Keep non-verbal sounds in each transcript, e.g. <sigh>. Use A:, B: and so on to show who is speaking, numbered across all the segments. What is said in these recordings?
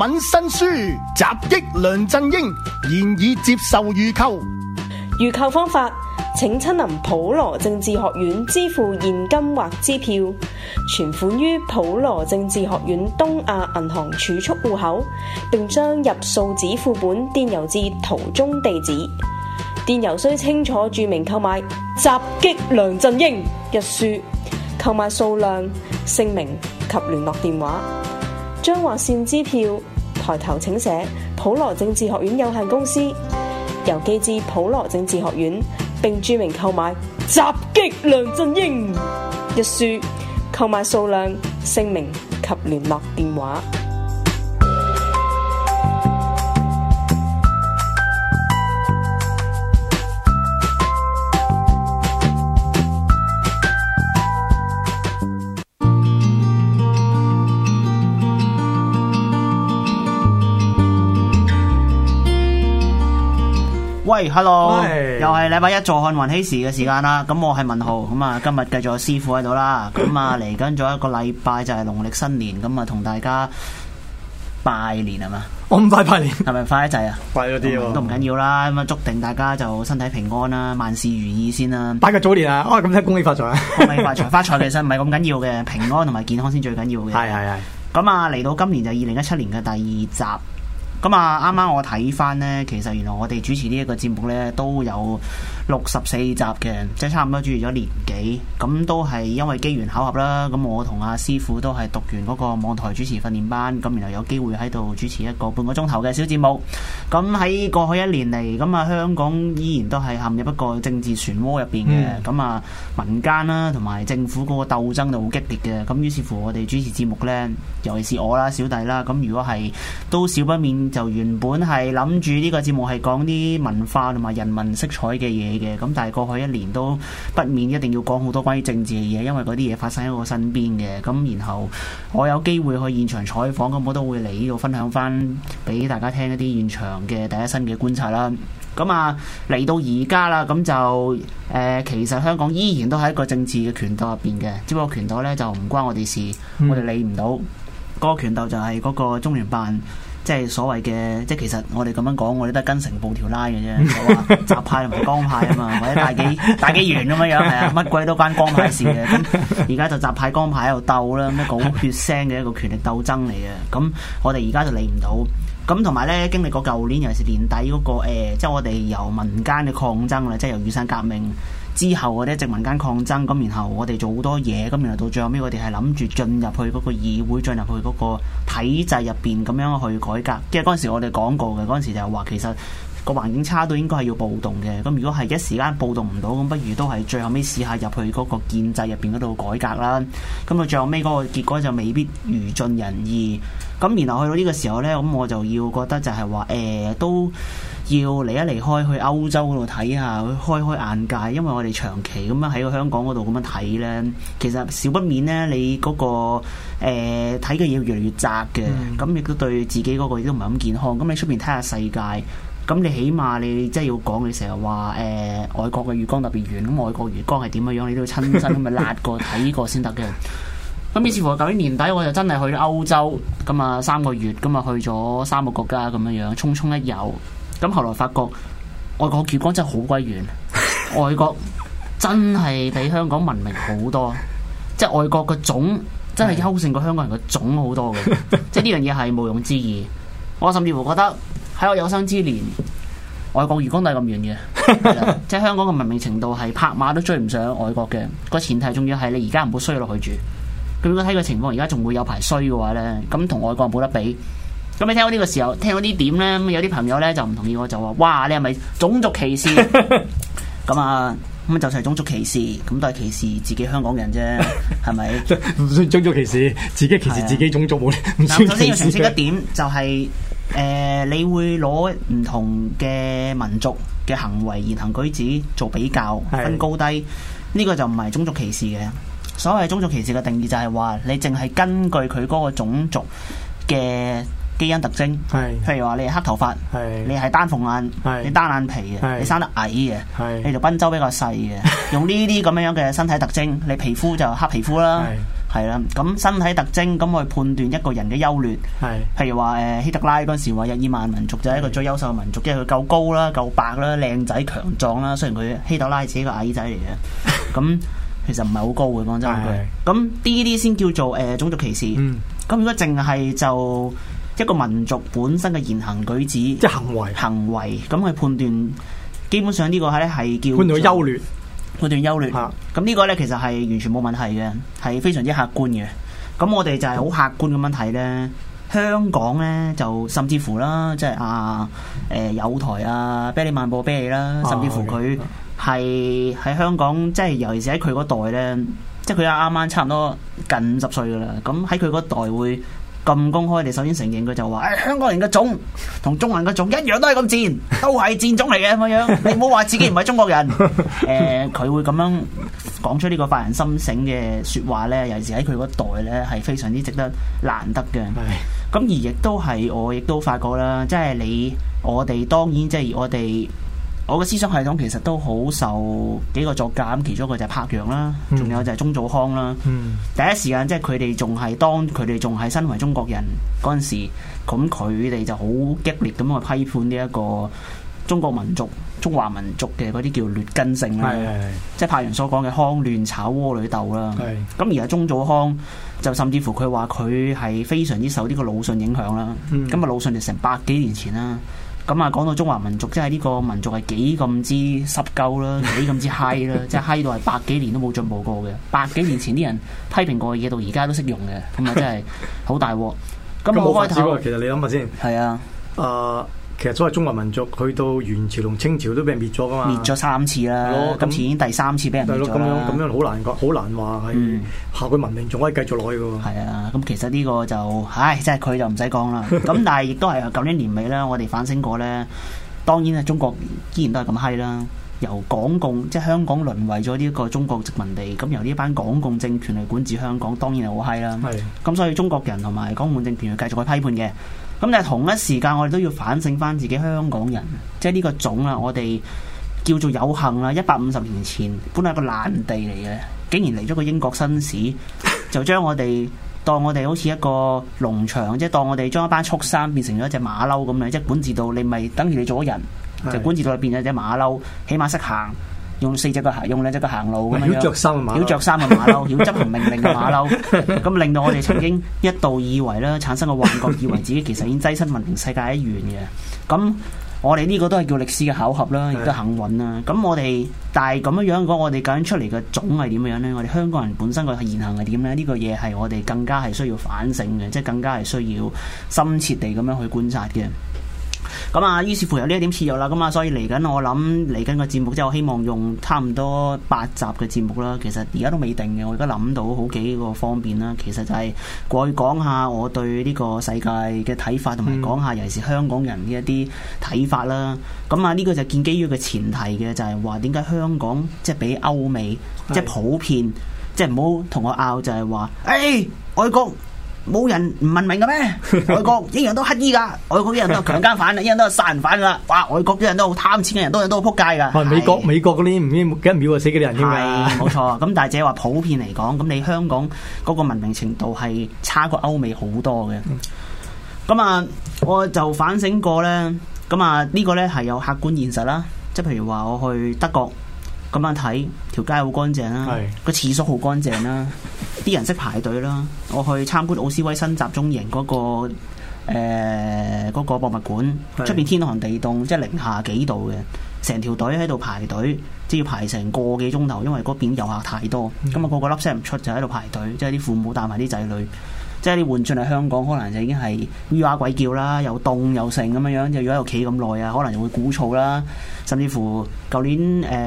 A: 《敏新書》襲擊梁振英，現已接受預購。預購方法，請親臨普羅政治學院支
B: 付現金或支票，存款於普羅政治學院東亞銀行儲蓄戶口，並將入數紙副本電郵至圖中地址。電郵需清楚註明購買《襲擊梁振英》一書，購買數量、姓名及聯絡電話。將劃線支票。抬頭請寫普羅政治學院有限公司，郵寄至普羅政治學院，並注明購買《襲擊梁振英》一書，購買數量、姓名及聯絡電話。喂，hello，又係禮拜一坐看雲起時嘅時間啦。咁、嗯嗯、我係文豪，咁啊今日繼續有師傅喺度啦。咁啊嚟緊咗一個禮拜就係農曆新年，咁啊同大家拜年係嘛？我唔拜拜年，係咪快一仔啊？拜咗啲喎，都唔緊要啦。咁啊，祝定大家就身體平安啦，萬事如意先啦、啊。拜個早年啊！哦、哎，咁先恭喜發財。恭喜發財發財，其實唔係咁緊要嘅，平安同埋健康先最緊要嘅。係係係。咁啊嚟到今年就二零一七年嘅第二集。咁啊！啱啱、嗯、我睇翻咧，其實原來我哋主持呢一個節目咧，都有六十四集嘅，即係差唔多主持咗年幾。咁都係因為機緣巧合啦。咁我同阿師傅都係讀完嗰個網台主持訓練班，咁然後有機會喺度主持一個半個鐘頭嘅小節目。咁喺過去一年嚟，咁啊香港依然都係陷入一個政治漩渦入邊嘅。咁啊、嗯、民間啦，同埋政府個鬥爭就好激烈嘅。咁於是乎，我哋主持節目咧，尤其是我啦、小弟啦，咁如果係都少不免。就原本係諗住呢個節目係講啲文化同埋人文色彩嘅嘢嘅，咁但係過去一年都不免一定要講好多關於政治嘅嘢，因為嗰啲嘢發生喺我身邊嘅。咁然後我有機會去現場採訪，咁我都會嚟呢度分享翻俾大家聽一啲現場嘅第一身嘅觀察啦。咁啊，嚟到而家啦，咁就誒、呃、其實香港依然都係一個政治嘅權鬥入邊嘅，只不過權鬥呢就唔關我哋事，我哋理唔到。嗯、個權鬥就係嗰個中聯辦。即係所謂嘅，即係其實我哋咁樣講，我哋都係跟成布條拉嘅啫。我話習派唔係江派啊嘛，或者大紀大紀元咁樣樣係啊，乜鬼都關江派事嘅。咁而家就習派江派喺度鬥啦，咁講血腥嘅一個權力鬥爭嚟嘅。咁我哋而家就理唔到。咁同埋咧，經歷過舊年尤其是年底嗰、那個、呃、即係我哋由民間嘅抗爭啦，即係由雨傘革命。之後我哋一直民間抗爭，咁然後我哋做好多嘢，咁然後到最後尾我哋係諗住進入去嗰個議會，進入去嗰個體制入邊，咁樣去改革。即係嗰陣時我哋講過嘅，嗰陣時就係話其實，個環境差到應該係要暴動嘅，咁如果係一時間暴動唔到，咁不如都係最後尾試下入去嗰個建制入邊嗰度改革啦。咁啊，最後尾嗰個結果就未必如盡人意。咁然後去到呢個時候呢，咁我就要覺得就係話誒都要離一離開去歐洲嗰度睇下，開開眼界，因為我哋長期咁樣喺個香港嗰度咁樣睇呢，其實少不免呢、誒，你嗰個睇嘅嘢越嚟越窄嘅，咁亦都對自己嗰個亦都唔係咁健康。咁你出邊睇下世界。咁你起碼你即係要講，你成日話誒外國嘅月光特別遠，咁外國月光係點嘅樣？你都要親身咁咪辣過睇過先得嘅。咁於是乎，舊年年底我就真係去歐洲咁啊三個月，咁啊去咗三個國家咁樣樣，匆匆一遊。咁後來發覺外國月光真係好鬼遠， <laughs> 外國真係比香港文明好多。即係外國嘅種真係優勝過香港人嘅種好多嘅， <laughs> 即係呢樣嘢係毋庸置疑。我甚至乎覺得。喺我有生之年，外國如果都係咁遠嘅，即係香港嘅文明程度係拍馬都追唔上外國嘅。個前提仲要係你而家唔好衰落去住。咁如果睇個情況，而家仲會有排衰嘅話咧，咁同外國冇得比。咁你聽到呢個時候，聽到點呢點咧，有啲朋友咧就唔同意，我就話，哇！你係咪種族歧視？咁 <laughs> 啊，咁就係種族歧視，咁都係歧視自己香港人啫，係咪？唔算種族歧視，自己歧視自己種族冇。咁首先要澄清一點，就係，就係。誒、呃，你會攞唔同嘅民族嘅行為言行舉止做比較，的分高低，呢、這個就唔係種族歧視嘅。所謂種族歧視嘅定義就係話，你淨係根據佢嗰個種族嘅基因特徵，的譬如話你係黑頭髮，的你係單鳳眼，的你單眼皮嘅，的你生得矮嘅，的你條賓周比較細嘅， <laughs> 用呢啲咁樣樣嘅身體特徵，你皮膚就黑皮膚啦。的 <laughs> 係啦，咁身體特徵咁去判斷一個人嘅優劣，係是，譬如話誒希特拉嗰陣時話日耳曼民族就係一個最優秀嘅民族，是即係佢夠高啦，夠白啦，靚仔強壯啦，雖然佢希特拉係自己個矮仔嚟嘅，咁 <laughs> 其實唔係好高嘅，講真句，咁呢啲先叫做誒、呃、種族歧視，咁、嗯、如果淨係就一個民族本身嘅言行舉止，即行為行為，咁去判斷，基本上呢個咧係叫判斷優劣。嗰段優幽劣，咁呢個咧其實係完全冇問題嘅，係非常之客觀嘅。咁我哋就係好客觀咁樣睇咧，香港咧就甚至乎啦，即、就、係、是、啊，誒、呃、友台啊，比利萬布比利啦，甚至乎佢係喺香港，即係尤其是喺佢嗰代咧，即係佢阿啱啱差唔多近五十歲噶啦，咁喺佢嗰代會。咁公開，你首先承認佢就話，誒、哎、香港人嘅種同中文嘅種一樣，都係咁賤，都係賤種嚟嘅咁樣。 <laughs> 你唔好話自己唔係中國人。誒、 <laughs> 呃，佢會咁樣講出呢個發人深省嘅説話呢，尤其是喺佢嗰代呢，係非常之值得難得嘅。咁 <laughs> 而亦都係我亦都發覺啦，即係你我哋當然即係我哋。我嘅思想系統其實都好受幾個作家咁，其中一個就係柏楊啦，仲、嗯、有就係鍾祖康啦。嗯、第一時間即係佢哋仲係當佢哋仲係身為中國人嗰陣時，咁佢哋就好激烈咁去批判呢一個中國民族、中華民族嘅嗰啲叫劣根性啦，嗯嗯、即係柏楊所講嘅康亂炒窩裏鬥啦。咁、嗯嗯、而家鍾祖康就甚至乎佢話佢係非常之受呢個魯迅影響啦。咁啊魯迅就成百幾年前啦。咁啊，講到中華民族，即係呢個民族係幾咁之濕鳩啦，幾咁之嗨啦，即係嗨到係百幾年都冇進步過嘅。 <laughs> 百幾年前啲人批評過嘅嘢，到而家都識用嘅，咁啊真係好大鑊。咁冇開頭，
A: 其實你諗下先，係、嗯、啊，誒。Uh, 其實所謂中華民族，去到元朝同清朝都俾人滅咗噶嘛，滅咗三次啦。係咯吧，今次已經
B: 第三次俾人滅咗。咁樣咁樣，
A: 好難講，好難
B: 話係下個文明仲可以繼續落去噶。係啊，咁其實呢個就，唉，即係佢就唔使講啦。咁 <laughs> 但係亦都係舊年年尾咧，我哋反省過咧，當然啊，中國依然都係咁嗨啦。由港共即係香港淪為咗呢一個中國殖民地，咁由呢班港共政權嚟管治香港，當然係好嗨啦。係的。咁所以中國人同埋港共政權要繼續去批判嘅。咁但係同一時間，我哋都要反省翻自己香港人，即係呢個種啊。我哋叫做有幸啦，一百五十年前本嚟一個爛地嚟嘅，竟然嚟咗個英國紳士，就將我哋當我哋好似一個農場，即係當我哋將一班畜生變成咗一隻馬騮咁樣，即係管治到你咪等於你做咗人，是的 就管治到變咗隻馬騮，起碼識行。用四隻腳行，用兩隻腳行路咁樣是樣，要着衫嘅馬騮，要執 <laughs> 行命令嘅馬騮，咁、 <laughs> 嗯、令到我哋曾經一度以為咧，產生個幻覺，以為自己其實已經躋身文明世界一員嘅。咁、嗯、我哋呢個都係叫歷史嘅巧合啦，亦都幸運啦。咁、嗯、 <laughs> 我哋，但係咁樣樣講，我哋究竟出嚟嘅種係點樣呢？我哋香港人本身嘅言行係點呢？呢、這個嘢係我哋更加係需要反省嘅，即係更加係需要深切地咁樣去觀察嘅。咁啊，於是乎有呢一點切入啦，咁啊，所以嚟緊我諗嚟緊個節目，即係我希望用差唔多八集嘅節目啦。其實而家都未定嘅，我而家諗到好幾個方面啦。其實就係過去講下我對呢個世界嘅睇法，同埋講下尤其是香港人嘅一啲睇法啦。咁啊、嗯，呢個就建基於個前提嘅，就係話點解香港即係、就是、比歐美即係、就是、普遍，即係唔好同我拗，就係、是、話，哎，外國。冇人唔文明嘅咩？外國一樣都乞衣噶，外國啲人都係強姦犯啦，一樣都係殺人犯噶啦。哇！外國啲人都好貪錢嘅人，多人都好撲街噶。係美國是美國嗰啲唔知幾多秒就死幾多人添啊！冇錯，咁但係只係話普遍嚟講，咁你香港嗰個文明程度係差過歐美好多嘅。咁啊，我就反省過咧，咁啊呢個咧係有客觀現實啦，即係譬如話我去德國。咁樣睇條街好乾淨啦，個廁所好乾淨啦，啲 <laughs> 人識排隊啦。我去參觀奧斯威辛集中營嗰、嗰個誒、呃嗰個、博物館，出是面天寒地凍，即係零下幾度嘅，成條隊喺度排隊，即係要排成個幾鐘頭，因為嗰邊遊客太多，咁啊、嗯嗯、個個粒聲唔出，就喺度排隊，即係啲父母帶埋啲仔女。即係你換轉嚟香港，可能就已經係 V R 鬼叫啦，又凍又剩咁樣樣，又如果又企咁耐啊，可能又會鼓噪啦，甚至乎舊年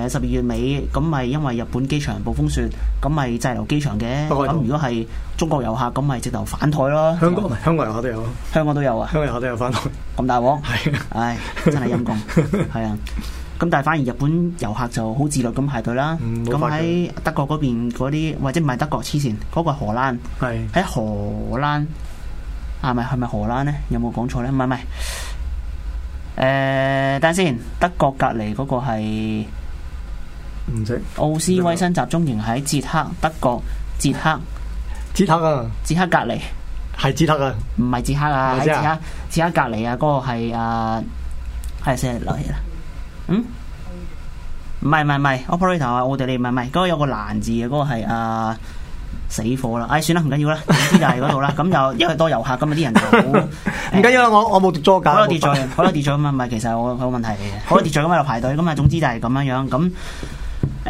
B: 誒十二月尾咁，咪因為日本機場暴風雪，咁咪滯留機場嘅咁，如果係中國遊客，咁咪直頭反台咯。香港是香港遊客都有香港都有啊，香港遊客都有反台，咁大鑊，係的，唉，真係陰公，係啊。 <laughs> 咁但係反而日本遊客就好自律咁排隊啦。咁喺德國嗰邊嗰啲或者唔係德國黐線，嗰個係荷蘭。係喺荷蘭啊？咪係咪荷蘭呢？有冇講錯呢？唔係唔係。誒，等下先，德國隔籬嗰個係唔識奧斯威辛集中營喺捷克，德國捷克捷克啊！捷克隔籬係捷克啊？唔係捷克啊？喺捷克捷克隔籬啊？嗰個係誒，係先留意啦。嗯，唔係唔係唔係，operator 啊，operator，我哋嚟唔係唔係，嗰、嗰個有個難字嘅嗰、嗰個係啊、呃、死火啦，唉、哎，算啦，唔緊要啦，總之就係嗰度啦，咁又因為多遊客，咁啊啲人就唔緊要啦，我我冇跌坐架，可能跌坐，可能跌坐咁啊，唔係，其實我冇問題嚟嘅，可能跌坐咁啊，排隊，咁啊，總之就係咁樣樣咁。誒咁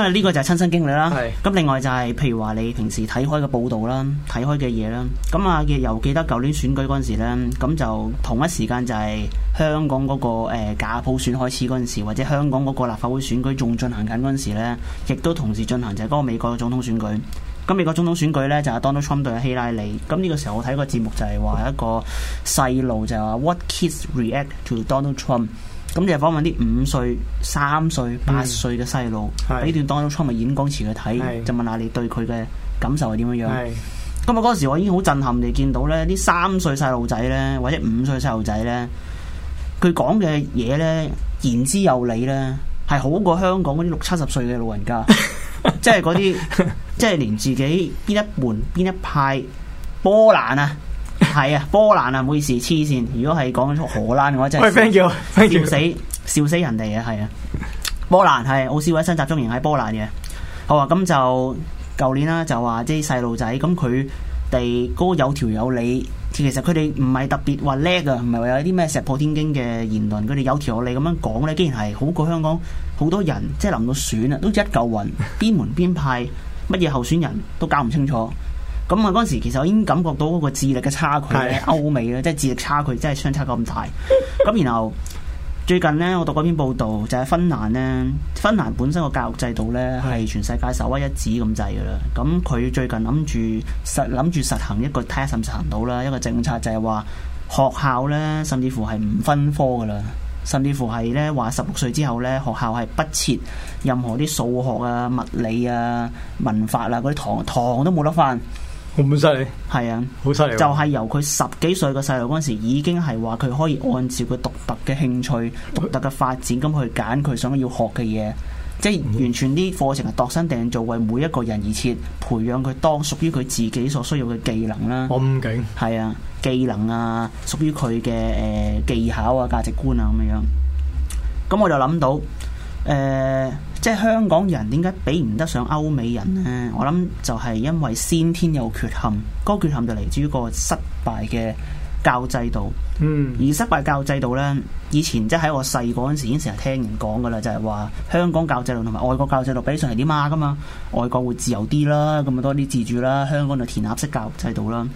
B: 啊！呢、嗯這個就係親身經歷啦。咁是、嗯、另外就係、是、譬如話，你平時睇開嘅報道啦，睇開嘅嘢啦。咁啊亦又記得舊年選舉嗰陣時咧，咁、嗯、就同一時間就係香港嗰、那個假、呃、普選開始嗰陣時，或者香港嗰個立法會選舉仲進行緊嗰陣時咧，亦都同時進行就係嗰個美國嘅總統選舉。咁、嗯、美國總統選舉咧就係、是、Donald Trump 對啊希拉里。咁、嗯、呢、這個時候我睇個節目就係話一個細路就係 What kids react to Donald Trump。咁就訪問啲五歲、三歲、八歲嘅細路，俾、嗯、段杜林普演講詞去睇，是就問下你對佢嘅感受係點樣樣。咁啊是，嗰時我已經好震撼地見到咧，啲三歲細路仔咧，或者五歲細路仔咧，佢講嘅嘢咧，言之有理啦，係好過香港嗰啲六七十歲嘅老人家， <laughs> 即係嗰啲，即係連自己邊一門、一派邊一派波蘭啊！係啊，波蘭啊，唔好意思，黐線。如果係講出荷蘭嘅話，真係笑，oh, 笑死，笑死人哋啊，係啊，波蘭係奧斯威辛集中營喺波蘭嘅。好啊，咁就舊年啦，啊，就話即係細路仔，咁佢哋哥有條有理。其實佢哋唔係特別話叻啊，唔係話有啲咩石破天驚嘅言論。佢哋有條有理咁樣講咧，竟然係好過香港好多人，即係諗到選啊，都一嚿雲，邊門邊派，乜嘢候選人都搞唔清楚。咁啊！嗰時其實我已經感覺到嗰個智力嘅差距咧，歐美嘅即係智力差距真係相差咁大。咁 <laughs> 然後最近呢，我讀嗰篇報道就係、是、芬蘭呢。芬蘭本身個教育制度呢，係是全世界首屈一指咁滯噶啦。咁佢最近諗住實諗住實行一個睇下實唔實行到啦，一個政策就係、是、話學校呢，甚至乎係唔分科噶啦，甚至乎係呢話十六歲之後呢，學校係不設任何啲數學啊、物理啊、文法啦嗰啲堂，堂都冇得返。咁犀利，係啊，好犀利。 <music> 就係由佢十幾歲嘅細路嗰陣時，已經係話佢可以按照佢獨特嘅興趣、獨 <music> 特嘅發展，咁去揀佢想要學嘅嘢，即係完全啲課程係度身訂造，為每一個人而設，培養佢當屬於佢自己所需要嘅技能啦。咁勁係啊，技能啊，屬於佢嘅誒技巧啊，價值觀啊咁樣。咁我就諗到誒。呃即係香港人點解比唔得上歐美人呢？我諗就係因為先天有缺陷，嗰個缺陷就嚟自於個失敗嘅教制度。嗯，而失敗教制度呢，以前即係喺我細嗰陣時已經成日聽人講噶啦，就係話香港教制度同埋外國教制度比上係點啊？噶嘛，外國會自由啲啦，咁啊多啲自主啦，香港就填鴨式教育制度啦。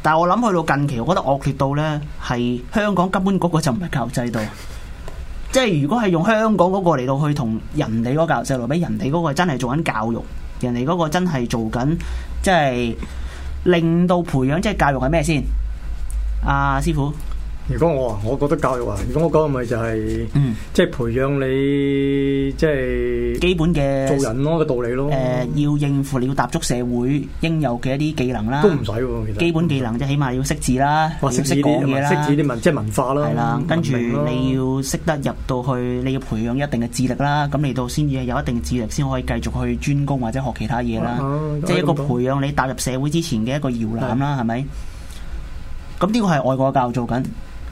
B: 但係我諗去到近期，我覺得惡劣到呢，係香港根本嗰個就唔係教育制度。即係如果係用香港嗰個嚟到去同人哋嗰個教育，留俾人哋嗰個真係做緊教育，人哋嗰個真係做緊，即係令到培養，即係教育係咩先？阿、啊、師傅。
A: 如果我啊，我覺得教育啊，如果我講咪就係，即係培
B: 養你，即係基本嘅做人咯嘅道理咯。誒，要應付你要踏足社會應有嘅一啲技能啦。都唔使喎，其實基本技能即係起碼要識字啦，識唔識講嘢啦，識字啲文即係文化啦。係啦，跟住你要識得入到去，你要培養一定嘅智力啦。咁嚟到先至有一定智力，先可以繼續去專攻或者學其他嘢啦。即係一個培養你踏入社會之前嘅一個搖籃啦，係咪？咁呢個係外國嘅教育做緊。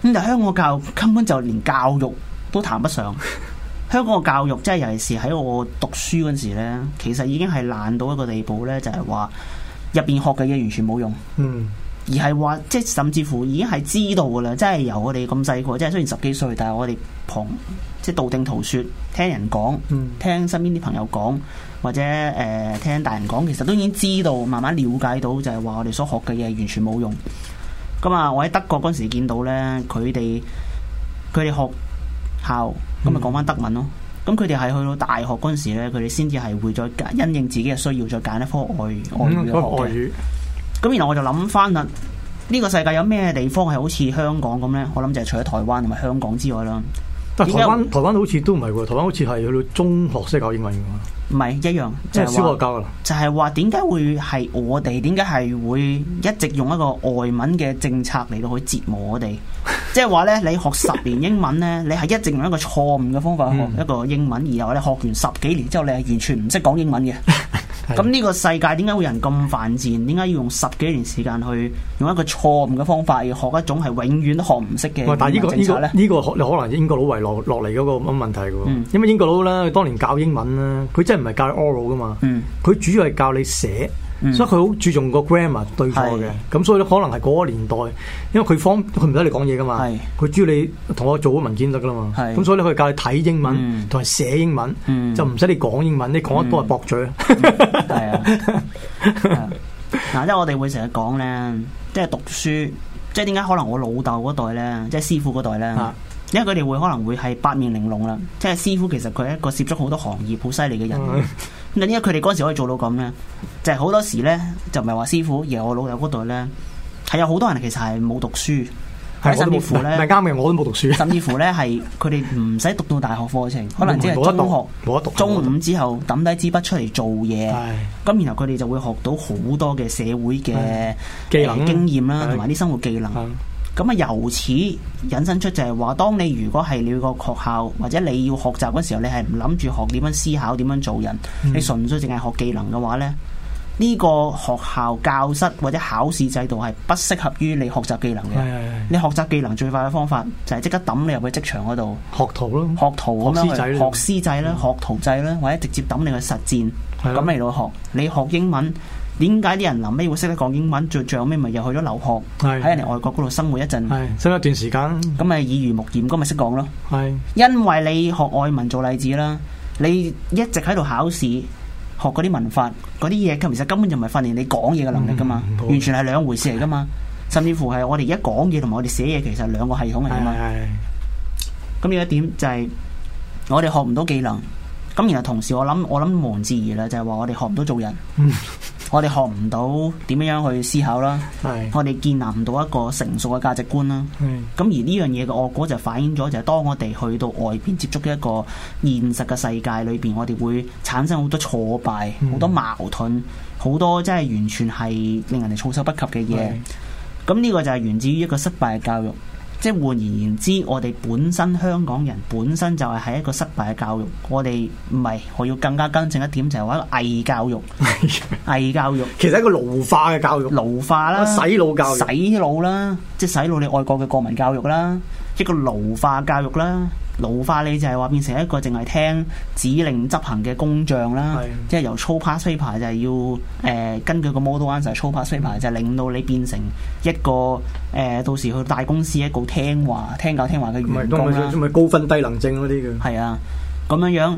B: 咁香港教育根本就連教育都談不上。 <laughs> 香港嘅教育真係，尤其是喺我讀書嗰時呢，其實已經係爛到一個地步呢，就係話入邊學嘅嘢，完全冇用。嗯而，而係話即係甚至乎已經係知道噶啦，即係由我哋咁細個，即係雖然十幾歲，但係我哋旁即係道聽途說，聽人講，聽身邊啲朋友講，或者誒、呃、聽大人講，其實都已經知道，慢慢了解到就係話我哋所學嘅嘢完全冇用。咁啊，我喺德國嗰陣時見到咧，佢哋佢哋學校咁咪講翻德文咯。咁佢哋係去到大學嗰陣時咧，佢哋先至係會再因應自己嘅需要，再揀一科外外語咁，語學，嗯、語然後我就諗翻啦，呢個世界有咩地方係好似香港咁咧？我諗就係除咗台灣同埋香港之外啦。台灣何，台灣好似都唔係喎。台灣好似係去到中學先教英文嘅。唔係一樣，即係小學教噶啦。就係話點解會係我哋？點解係會一直用一個外文嘅政策嚟到去折磨我哋？即係話咧，你學十年英文咧，你係一直用一個錯誤嘅方法學一個英文，嗯、而然後你學完十幾年之後，你係完全唔識講英文嘅。 <laughs> 咁呢個世界點解會人咁犯賤？點解要用十幾年時間去用一個錯誤嘅方法嚟學一種係永遠都學唔識嘅？但係、呢個、
A: 呢個呢、呢個呢你、呢個、可能英國佬遺落落嚟嗰個乜問題㗎？因為英國佬咧，佢當年教英文咧，佢真係唔係教你 oral 㗎嘛？佢主要係教你寫。 <music> 所以佢好注重個 grammar 對錯嘅，咁是所以咧可能係嗰個年代，因為佢方佢唔使你講嘢噶嘛，佢只要你同我做嗰文件得噶啦嘛，咁是所以你可以教你睇英文同埋、嗯、寫英文，嗯、就唔使你講英文，你講得多係駁嘴。
B: 係啊，嗱即係我哋會成日講咧，即係讀書，即係點解可能我老豆嗰代咧，即係師傅嗰代咧，因為佢哋會可能會係八面玲瓏啦，即係師傅其實佢一個涉足好多行業好犀利嘅人。嗯咁因為佢哋嗰時可以做到咁咧，就係、是、好多時咧就唔係話師傅，而我老友嗰代咧係有好多人其實係冇讀書，是甚至乎咧唔係啱嘅我都冇讀書，甚至乎咧係佢哋唔使讀到大學課程，可能只係中學，冇得讀冇得讀中五之後揼低支筆出嚟做嘢，咁是然後佢哋就會學到好多嘅社會嘅技能經驗啦，同埋啲生活技能。咁啊，由此引申出就係話，當你如果係你個學校或者你要學習嗰時候，你係唔諗住學點樣思考、點樣做人，你純粹淨係學技能嘅話呢，呢、呢個學校教室或者考試制度係不適合於你學習技能嘅。你學習技能最快嘅方法就係即刻抌你入去職場嗰度學徒咯，學徒咁樣學師制啦，學徒制啦，或者直接抌你去實戰咁嚟到學。你學英文。點解啲人臨尾會識得講英文？最最後尾咪又去咗留學，喺是人哋外國嗰度生活一陣，生活一段時間，咁咪耳濡目染，咁咪識講咯。是因為你學外文做例子啦，你一直喺度考試學嗰啲文法嗰啲嘢，其實根本就唔係訓練你講嘢嘅能力噶嘛，嗯、完全係兩回事嚟噶嘛。嗯、甚至乎係我哋一講嘢同埋我哋寫嘢，其實兩個系統嚟噶嘛。咁有、嗯嗯、一點就係我哋學唔到技能，咁然後同時我諗我諗王志怡啦，就係話我哋學唔到做人。嗯我哋學唔到點樣樣去思考啦，是我哋建立唔到一個成熟嘅價值觀啦。咁是而呢樣嘢嘅惡果就反映咗，就係當我哋去到外邊接觸嘅一個現實嘅世界裏邊，我哋會產生好多挫敗、好、嗯、多矛盾、好多即係完全係令人哋措手不及嘅嘢。咁呢是個就係源自於一個失敗嘅教育。即係換而言之，我哋本身香港人本身就係喺一個失敗嘅教育，我哋唔係，我要更加更正一點就係話一個偽教育，偽教育 <laughs> 其實係一個奴化嘅教育，奴化啦，洗腦教育，洗腦啦，即係洗腦你愛國嘅國民教育啦，一個奴化教育啦。老化你就係話變成一個淨係聽指令執行嘅工匠啦，的即係由操 past paper 就係、是、要誒、呃、根據個 model answer 操 past paper 就係令到你變成一個誒、呃、到時去大公司一個聽話聽教聽話嘅員工啦，咪高分低能症嗰啲嘅係啊，咁樣樣。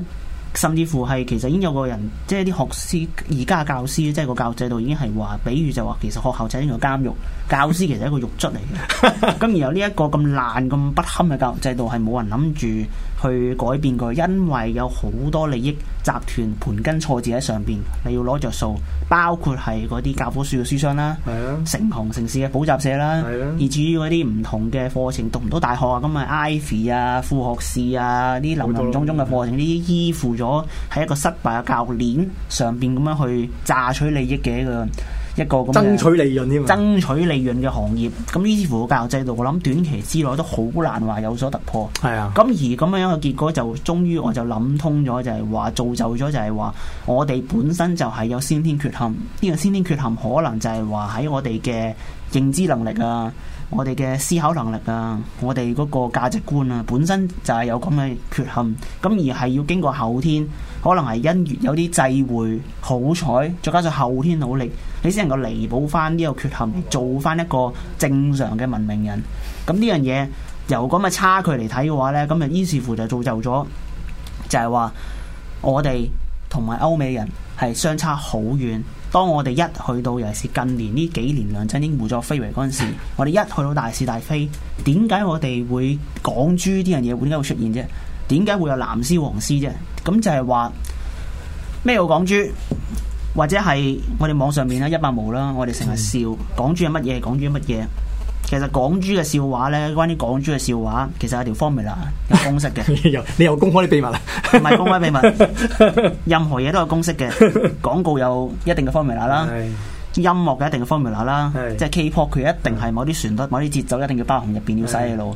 B: 甚至乎係其實已經有個人，即係啲學師，而家嘅教師即係個教育制度已經係話，比喻就話其實學校就係一個監獄，教師其實係一個獄卒嚟嘅。咁然後呢一個咁爛、咁不堪嘅教育制度係冇人諗住去改變佢，因為有好多利益集團盤根錯節喺上邊，你要攞着數，包括係嗰啲教科書嘅書商啦，成行的城，成市嘅補習社啦，以的至於嗰啲唔同嘅課程讀唔到大學啊，咁啊 Ivy 啊、副學士啊，啲林林總總嘅課程，呢啲依附咗喺一個失敗嘅教育鏈上邊咁樣去榨取利益嘅一個。一個咁樣爭取利潤嘅爭取利潤嘅行業，咁於是乎教育制度，我諗短期之內都好難話有所突破。係啊的，咁而咁樣樣嘅結果就，終於我就諗通咗，就係、是、話造就咗，就係話我哋本身就係有先天缺陷。呢、這個先天缺陷可能就係話喺我哋嘅認知能力啊，我哋嘅思考能力啊，我哋嗰個價值觀啊，本身就係有咁嘅缺陷。咁而係要經過後天。可能係因緣有啲際會，好彩，再加上後天努力，你先能夠彌補翻呢個缺陷，做翻一個正常嘅文明人。咁呢樣嘢由咁嘅差距嚟睇嘅話咧，咁啊，於是乎就造就咗，就係話我哋同埋歐美人係相差好遠。當我哋一去到，尤其是近年呢幾年梁振英胡作非為嗰陣時，我哋一去到大是大非，點解我哋會港豬呢樣嘢會點解會出現啫？點解會有藍絲黃絲啫？咁就係話咩叫港豬，或者係我哋網上面啦，一百毛啦，我哋成日笑港豬係乜嘢？港豬乜嘢？其實港豬嘅笑話咧，關於港豬嘅笑話，其實有條 formula 有公式嘅。 <laughs> 你有公開啲秘密啦？唔係公開秘密， <laughs> 任何嘢都有公式嘅。廣告有一定嘅 formula 啦， <laughs> 音樂有一定嘅 formula 啦， <laughs> 即係 K-pop，佢一定係某啲旋律、 <laughs> 某啲節奏，一定要包含入邊要洗，洗 <laughs> <laughs> 你腦。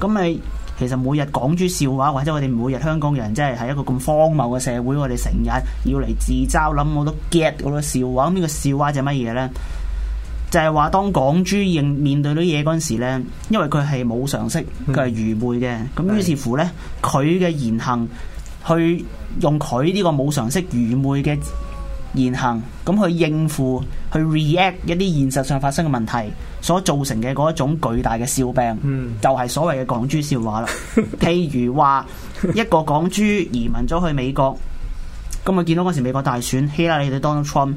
B: 咁你。其實每日講豬笑話，或者我哋每日香港人，真係係一個咁荒謬嘅社會。我哋成日要嚟自嘲諗我都 get 嗰、嗯，這個笑話。呢個笑話係乜嘢呢？就係、是、話當港豬應面對到啲嘢嗰陣時呢，因為佢係冇常識，佢係愚昧嘅。咁、嗯、於是乎呢，佢嘅是的 言行，去用佢呢個冇常識、愚昧嘅。言行咁去應付去 react 一啲現實上發生嘅問題所造成嘅嗰一種巨大嘅笑柄，就係、是、所謂嘅港豬笑話啦。譬如話一個港豬移民咗去美國，咁咪見到嗰時美國大選希拉里對 Donald Trump，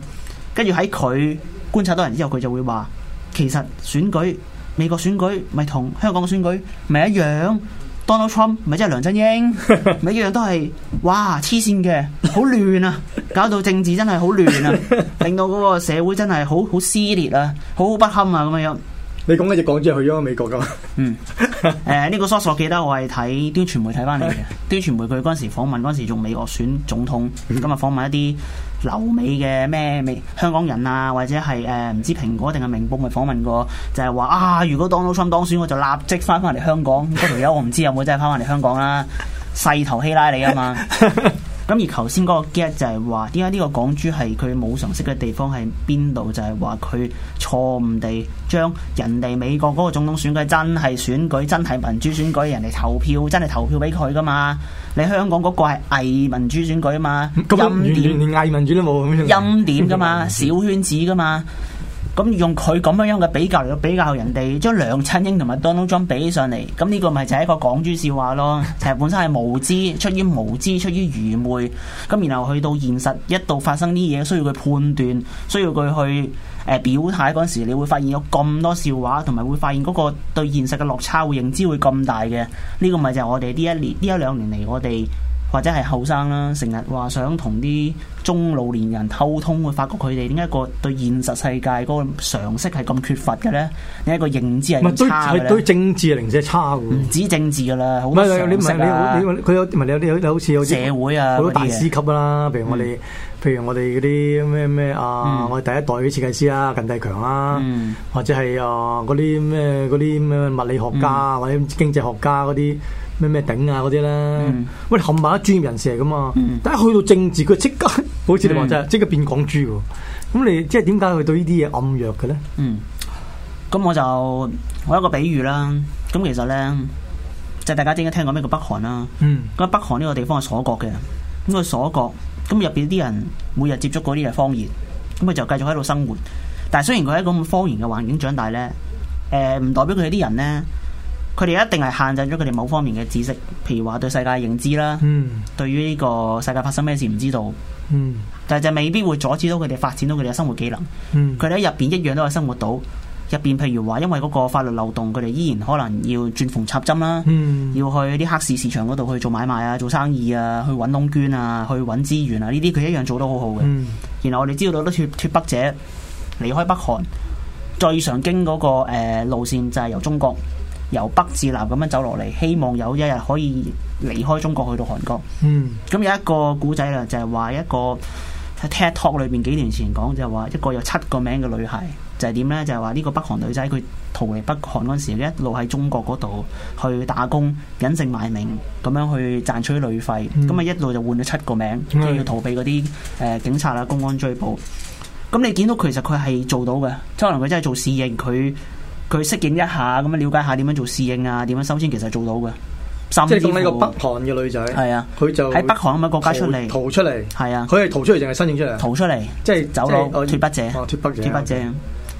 B: 跟住喺佢觀察到人之後，佢就會話其實選舉美國選舉咪同香港選舉咪一樣。Donald Trump 咪即係梁振英，咪 <laughs> 一樣都係哇黐線嘅，好亂啊！搞到政治真係好亂啊，令到嗰個社會真係好好撕裂啊，好好不堪啊咁樣。你講嘅隻港豬去咗美國噶嘛？ <laughs> 嗯，誒、呃、呢、這個 source 我記得我係睇端傳媒睇翻嚟嘅， <laughs> 端傳媒佢嗰時訪問嗰時仲美國選總統，今日訪問一啲留美嘅咩美香港人啊，或者係誒唔知蘋果定係明報咪訪問過，就係話啊，如果 Donald Trump 當選，我就立即翻返嚟香港。嗰條友我唔知有冇真係翻返嚟香港啦，勢頭希拉里啊嘛。 <laughs> <laughs> 咁而頭先嗰個 get 就係話，點解呢個港豬係佢冇常識嘅地方係邊度？就係話佢錯誤地將人哋美國嗰個總統選舉真係選舉真係民主選舉，人哋投票真係投票俾佢噶嘛？你香港嗰個係偽民主選舉啊嘛，陰點連偽民主都冇欽點噶嘛， <laughs> 小圈子噶嘛。咁用佢咁樣樣嘅比較嚟，到比較人哋將梁振英同埋 Donald Trump 比起上嚟，咁、這、呢個咪就係一個港豬笑話咯，其實本身係無知，出於無知，出於愚昧。咁然後去到現實一度發生啲嘢，需要佢判斷，需要佢去誒表態嗰陣時，你會發現有咁多笑話，同埋會發現嗰個對現實嘅落差，會認知會咁大嘅。呢、這個咪就係我哋呢一年呢一兩年嚟，我哋。或者係後生啦，成日話想同啲中老年人溝通，會發覺佢哋點解個對現實世界嗰個常識係咁缺乏嘅咧？你一個認知係咁差嘅。唔止政治啊，零舍差嘅。唔止政治噶啦，
A: 好多社會啊，好多大師級啦。譬如我哋，譬如我哋嗰啲咩咩啊，嗯、我哋第一代嘅設計師啦、啊，近帝強啦、啊，嗯、或者係啊嗰啲咩嗰啲咩物理學家或者經濟學家嗰啲。咩咩頂啊嗰啲咧？嗯、喂，冚唪唥都專業人士嚟噶嘛？嗯、但係去到政治，佢即刻，好似、嗯、你話齋，即刻變港豬喎！咁你即係點解佢對呢啲嘢暗弱嘅咧？嗯，
B: 咁我就我有一個比喻啦。咁其實咧，就是、大家應該聽過咩叫北韓啦。咁、嗯、北韓呢個地方係鎖國嘅，咁、那、佢、個、鎖國，咁入邊啲人每日接觸嗰啲係方言，咁佢就繼續喺度生活。但係雖然佢喺咁方言嘅環境長大咧，誒、呃、唔代表佢啲人咧。佢哋一定係限制咗佢哋某方面嘅知識，譬如話對世界嘅認知啦。嗯，對於呢個世界發生咩事唔知道。嗯，但係就未必會阻止到佢哋發展到佢哋嘅生活技能。嗯，佢哋喺入邊一樣都可以生活到。入邊譬如話，因為嗰個法律漏洞，佢哋依然可能要鑽縫插針啦。嗯，要去啲黑市市場嗰度去做買賣啊、做生意啊、去揾窿捐啊、去揾資源啊，呢啲佢一樣做得好好嘅。嗯，然後我哋知道到啲脱脱北者離開北韓最常經嗰個誒路線就係由中國。由北至南咁樣走落嚟，希望有一日可以離開中國去到韓國。嗯，咁有一個古仔啊，就係話一個喺 TED Talk 裏邊幾年前講，就係話一個有七個名嘅女孩，就係點呢？就係話呢個北韓女仔，佢逃離北韓嗰陣時，一路喺中國嗰度去打工，隱姓埋名咁樣去賺取旅費，咁啊、嗯嗯、一路就換咗七個名，都要逃避嗰啲誒警察啦、公安追捕。咁你見到其實佢係做到嘅，即可能佢真係做侍應，佢。佢適應一下咁樣，了解下點樣做侍應啊，點樣收錢，其實做到嘅，甚至呢個北
A: 韓嘅女仔，係啊，
B: 佢就喺北韓咁樣國家出嚟逃出嚟，係啊，佢係逃出嚟定係申請出嚟？逃出嚟，即係走佬脫北者，脫北者，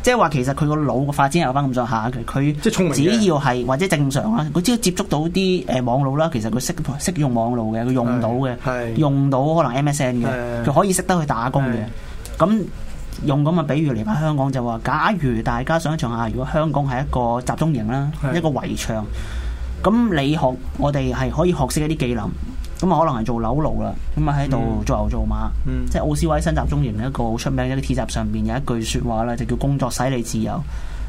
B: 即係話其實佢個腦個發展有翻咁上下嘅，佢即只要係或者正常啦，佢只要接觸到啲誒網絡啦，其實佢識識用網絡嘅，佢用到嘅，用到可能 MSN 嘅，佢可以識得去打工嘅，咁。用咁嘅比喻嚟翻香港就話，假如大家想像一下，如果香港係一個集中營啦，是的 一個圍牆，咁你學我哋係可以學識一啲技能，咁啊，可能係做樓奴啦咁啊喺度做牛做馬。嗯、即奧斯威新集中營一個好出名嘅鐵閘上邊有一句說話啦，就叫工作使你自由，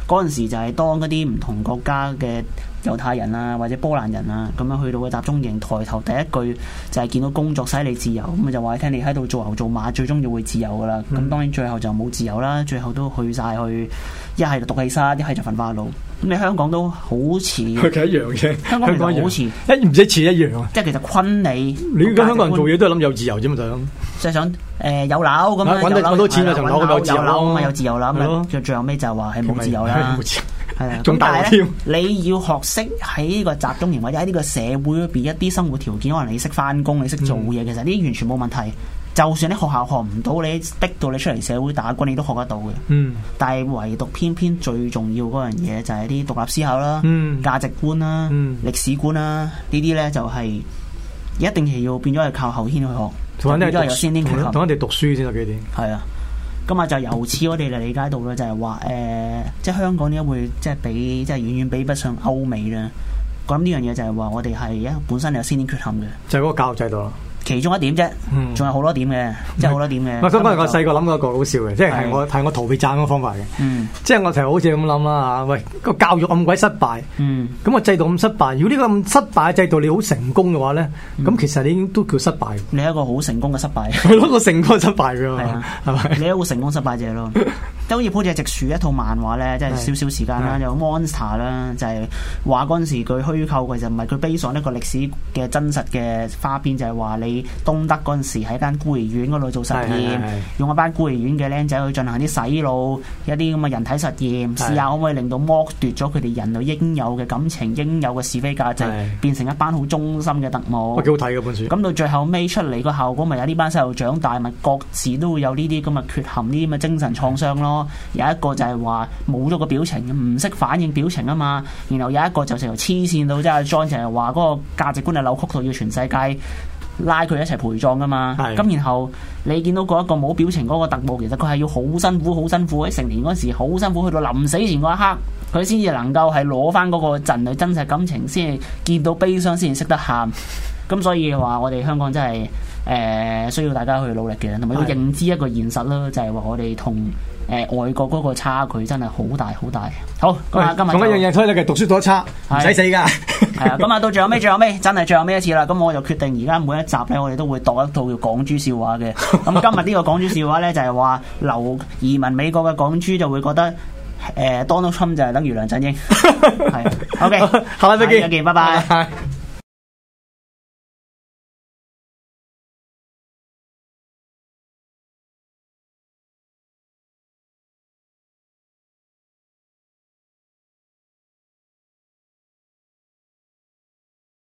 B: 嗰陣時就係當一啲唔同國家嘅猶太人啊，或者波蘭人啊，咁樣去到嘅集中營，抬頭第一句就係見到工作使你自由，咁啊就話聽你喺度做牛做馬，最終就會自由噶啦。咁當然最後就冇自由啦，最後都去晒去一係就毒氣室，一係就焚化爐。咁你香港都好似係幾一樣嘅。香港都好似一唔止似一樣啊。即係其實昆你，
A: 你而家香港人做嘢都係諗有自由啫嘛，就想
B: 就想誒有樓咁樣，揾得咁多錢啊，層樓有自由咁咪有自由樓咯。最後尾就話係冇自由啦。係啦，咁但係你要學識喺呢個集中營或者喺呢個社會裏邊一啲生活條件，可能你識翻工，你識做嘢，其實呢啲完全冇問題。就算你學校學唔到你，你逼到你出嚟社會打滾，你都學得到嘅。嗯。但係唯獨偏偏最重要嗰樣嘢就係啲獨立思考啦、價、嗯、值觀啦、歷、嗯、史觀啦，呢啲咧就係一定係要變咗係靠後天去學。同一條先啲，同一條讀書先就幾點？係啊。咁啊，就由此我哋就理解到咧，就係話，誒，即係香港咧會即係比即係遠遠比不上歐美啦。咁呢樣嘢就係話，我哋係而家本身有先天缺陷嘅，就係嗰個教育制度。其中一點啫，仲有好多點嘅，真係好多點嘅。唔係，咁講我細
A: 個諗過一個好笑嘅，即係係我係我逃避賺嗰個方法嘅。嗯，即係我成日好似咁諗啦嚇。喂，個教育咁鬼失敗，嗯，咁個制度咁失敗。如果呢個咁失敗嘅制度，你好成功嘅話咧，咁其實你已經都叫失敗。
B: 你係一個好成功嘅失敗。係咯，個成功係失敗㗎嘛？係咪？你係一個成功失敗者咯。都好似好似直樹一套漫畫咧，即係少少時間啦。有 Monster 啦，就係話嗰陣時佢虛構嘅就唔係佢 base 上一個歷史嘅真實嘅花邊，就係、是、話你東德嗰陣時喺間孤兒院嗰度做實驗，用一班孤兒院嘅僆仔去進行啲洗腦，一啲咁嘅人體實驗，試下可唔可以令到剝奪咗佢哋人類應有嘅感情、應有嘅是非價值，變成一班好忠心嘅特務。幾好睇本書！咁到最後尾出嚟個效果，咪有呢班細路長大，咪各自都會有呢啲咁嘅缺陷、呢啲咁嘅精神創傷咯。有一個就係話冇咗個表情，唔識反應表情啊嘛。然後有一個就成日黐線到，即係 John 成日話嗰個價值觀係扭曲到，要全世界拉佢一齊陪葬㗎嘛。咁是然後你見到嗰一個冇表情嗰個特務，其實佢係要好辛苦，好辛苦喺成年嗰時，好辛苦去到臨死前嗰一刻，佢先至能夠係攞翻嗰個陣真實感情，先見到悲傷，先識得喊。咁、嗯、所以話我哋香港真係誒、呃、需要大家去努力嘅，同埋要認知一個現實咯，就係、是、話我哋同誒外國嗰個差距真係好大好大。好，講下、嗯、今日咁一樣嘢，所以你其實讀書讀得差，是死死噶。係啊，今日到最後尾， <laughs> 最後尾真係最後尾一次啦。咁、嗯、我就決定而家每一集咧，我哋都會度一套叫港豬笑話嘅。咁今日呢個港豬笑話咧，就係、是、話留移民美國嘅港豬就會覺得誒 Donald Trump 就係等於梁振英。係 <laughs> ，OK，好啦 <laughs> 班，再見，再見，拜拜。